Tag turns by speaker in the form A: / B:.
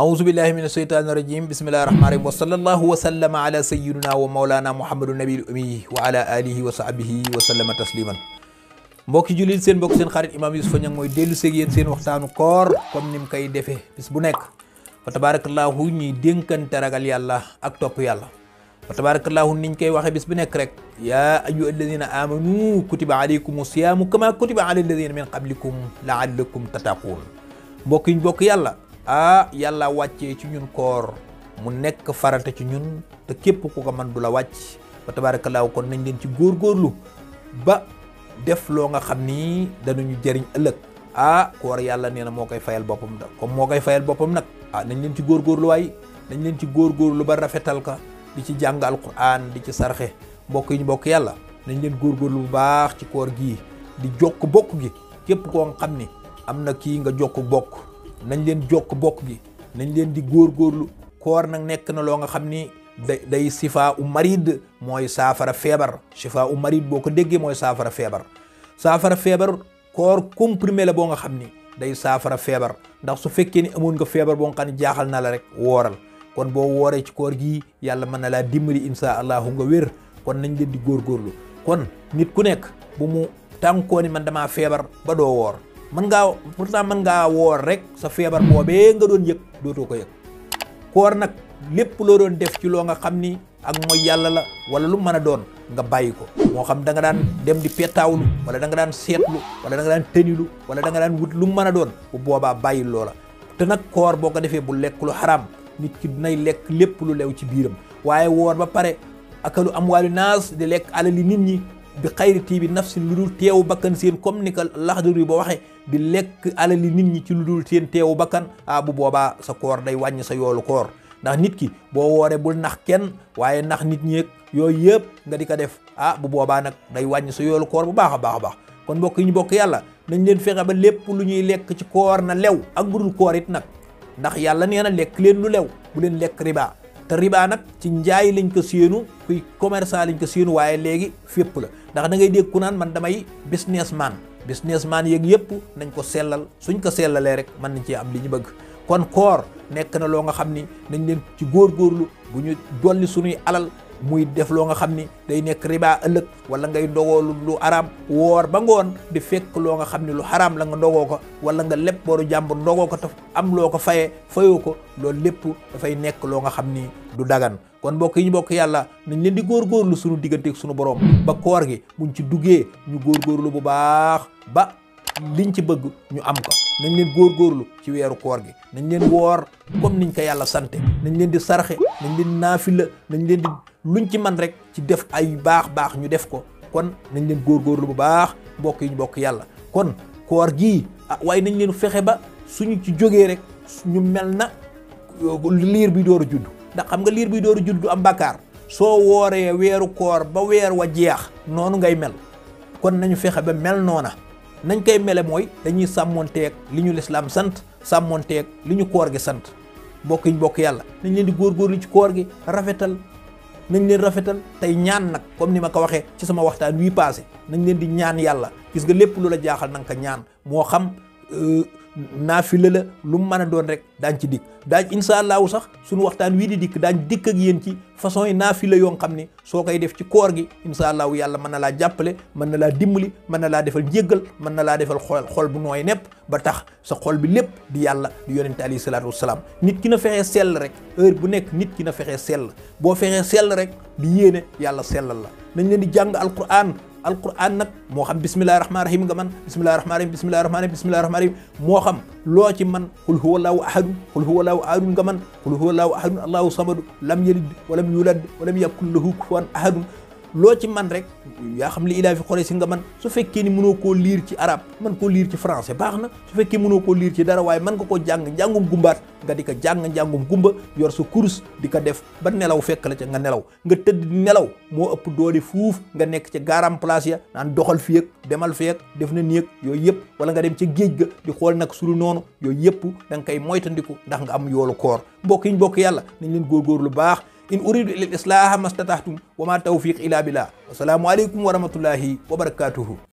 A: أعوذ بالله من الشيطان الرجيم بسم الله الرحمن الرحيم وصلى الله وسلم على سيدنا ومولانا محمد النبي الأمي وعلى آله وصحبه وسلم تسليما mbokki jullit seen mbokk seen xarit imam Youssoupha Niang mooy dellu seeg yéen seen waxtaanu koor comme ni mu koy defee bis bu nekk fa tabarakallahu ñuy dénkante ragal yàlla ak topp yàlla fa tabarakallahu niñ koy waxee bis bu nekk rek yaa ayu alladina amanu kutiba alaykum siyaamu kama kutiba ala alladina min qablikum laallakum tattaquun mbokk yiñ bokk yàlla A ah, yalla wacce ci ñun koor mu nekk farata ci ñun te képp ku ko man du la wàcc ba tabaarakallaahu kon nañ leen ci góorgóorlu ba def loo nga xam ni danañu jëriñ ëllëg ah koor yàlla nee na moo koy fayal boppam da comme moo koy fayal boppam nag ah nañ leen ci góorgóorlu waay nañ leen ci góorgóorlu ba rafetal ka di ci jàng alquran di ci sarxe mbokk yi ñu bokk yàlla nañ leen góorgóorlu bu baax ci koor gii di jokk bokk gi képp koo xam ni am na kii nga jokk bokk nañ leen jokk bokk gi nañ leen di góorgóorlu koor nag nekk na loo nga xam ni day sifa sifaa u marid mooy saafara feebar sifaa u marid boo ko déggee mooy saafara feebar saafara feebar koor comprimé la boo nga xam ni day saafara feebar ndax su fekkee ni amoon nga feebar boo nga xam ne jaaxal na la rek wooral kon boo wooree ci koor gi yàlla mën na laa dimbali insha allahu nga wér kon nañ leen di góorgóorlu kon nit ku nekk bu mu tànkooni man damaa feebar ba doo woor mën ngaa pourtant mën ngaa woor rek sa feebar boobee nga doon yëg dootoo ko yëg koor nag lépp loo doon def ci loo nga xam ni ak mooy yàlla la wala lu mën a doon nga bàyyi ko moo xam da nga daan dem di pettaawlu wala da nga daan seetlu wala da nga daan tënilu wala da nga daan wut lu mën a doon bu boobaa bàyyi loola te nag koor boo ko defee bu lekk lu xaraam nit ki dinay lekk lépp lu lew ci biiram waaye woor ba pare akalu am waali naas di lekk alali nit ñi bi xayri tiibi nafsin lu dul teewu bakkan seen comme ni ko laxdar yi ba waxee di lekk alali nit ñi ci lu dul seen teewu bakkan ah bu boobaa sa koor day wàññ sa yoolu koor ndax nit ki boo wooree bul nax kenn waaye nax nit ñeeg yooyu yëpp nga di ko def ah bu boobaa nag day wàññ sa yoolu koor bu baax a baax a baax kon mbokk yi ñu bokk yàlla nañ leen fexe ba lépp lu ñuy lekk ci koor na lew ak bu dul koor nag ndax yàlla nee na lekk leen lu lew bu leen lekk riba te ribaa nag ci njaay lañ ko séenu kuy commerçant lañ ko séenu waaye léegi fépp la ndax da ngay dégg ku naan man damay business businessman businessman yeeg yëpp nañ ko sellal suñ ko sellalee rek mën nañ cee am li ñu bëgg kon koor nekk na loo nga xam ni nañ leen ci góor góorgóorlu bu ñu dolli suñuy alal muy def lo nga xamni day nek riba ëllëg wala ngay dogoo lu araam wor ba ngon di fekk lo nga xamni lu haram la nga ndogoo ko wala nga lepp boru jàmbur ndogoo ko taf am lo ko fayé fayoo ko lepp da fay nek lo nga xamni du dagan kon mbokk yi ñu bokk yalla nañ leen di lu suñu ak suñu borom ba koor gi buñ ci duggé ñu lu bu baax ba liñ ci bëgg ñu am ko nañ leen lu ci wéru koor gi nañ leen wor comme niñ ko yalla sante nañ leen di sarxe nañ leen nañ leen di luñ ci man rek ci def ay baax baax ñu def ko kon nañ leen góorgóorlu bu baax mbokk yi bokk yàlla kon koor gi ah waaye nañ leen fexe ba suñu ci jógee rek ñu mel na liir bi door a judd ndax xam nga liir bi door a judd du am bàkkaar soo wooree weeru koor ba weer wa jeex noonu ngay mel kon nañu fexe ba mel noona nañ koy mele mooy dañuy sàmmonteeg li ñu lislaam sant sàmmonteeg li ñu koor gi sant mbokk bokk yàlla nañ leen di góorgóorlu ci koor gi nañ leen rafetal tey ñaan nag comme ni ma ko waxee ci sama waxtaan wii passé nañ leen di ñaan yàlla gis nga lépp lu la jaaxal na nga ko ñaan moo xam naa euh, naafila la lu mu mën a doon rek daañ ci dikk daañ incha allahu sax suñu waxtaan wii di dikk daañ dikk ak yéen ci façon yi naafila yoo xam ni soo koy def ci koor gi incha allahu yàlla mën na laa jàppale mën na laa dimbali mën na laa defal njéggal mën na laa defal xol xol bu nooy nepp ba tax sa xol bi lépp di yàlla di yonente alayhi salaatu wasalaam nit ki na fexee sell rek heure bu nekk nit ki na fexee sell boo fexee sell rek di yéene yàlla sellal la nañ leen di jàng alquran alquran nag moo xam bismillahi rahmaani rahim nga man bismillahi rahmaani rahim bismillahi rahmaani rahim bismillahi rahmaani rahim moo xam loo ci man qul huwa allahu ahadun qul huwa allahu ahadun nga man qul huwa allahu ahadun allahu samadu lam yalid walam yulad walam yakun lahu kufuwan ahadun lo ci man rek ya xam li ila fi xore nga man su fekke ni mëno ko lire ci arab man ko lire ci français baxna su fekke mëno ko lire ci dara way man nga ko jang jangum gumbaat nga dika jang jangum gumba yor su kurus di def ba nelaw fek la ci nga nelaw nga di nelaw mo upp doori fouf nga nek ci garam place ya nan doxal fi ak demal fi ak def na niek yoy yep wala nga dem ci geej ga di xol nak sulu noonu yoy yep dang kay koy moytandiku ndax nga am yolu koor mbokk yi ñu bokk len gor gor lu bax إن أريد إلا الإصلاح ما استطعتم وما التوفيق إلا بالله والسلام عليكم ورحمة الله وبركاته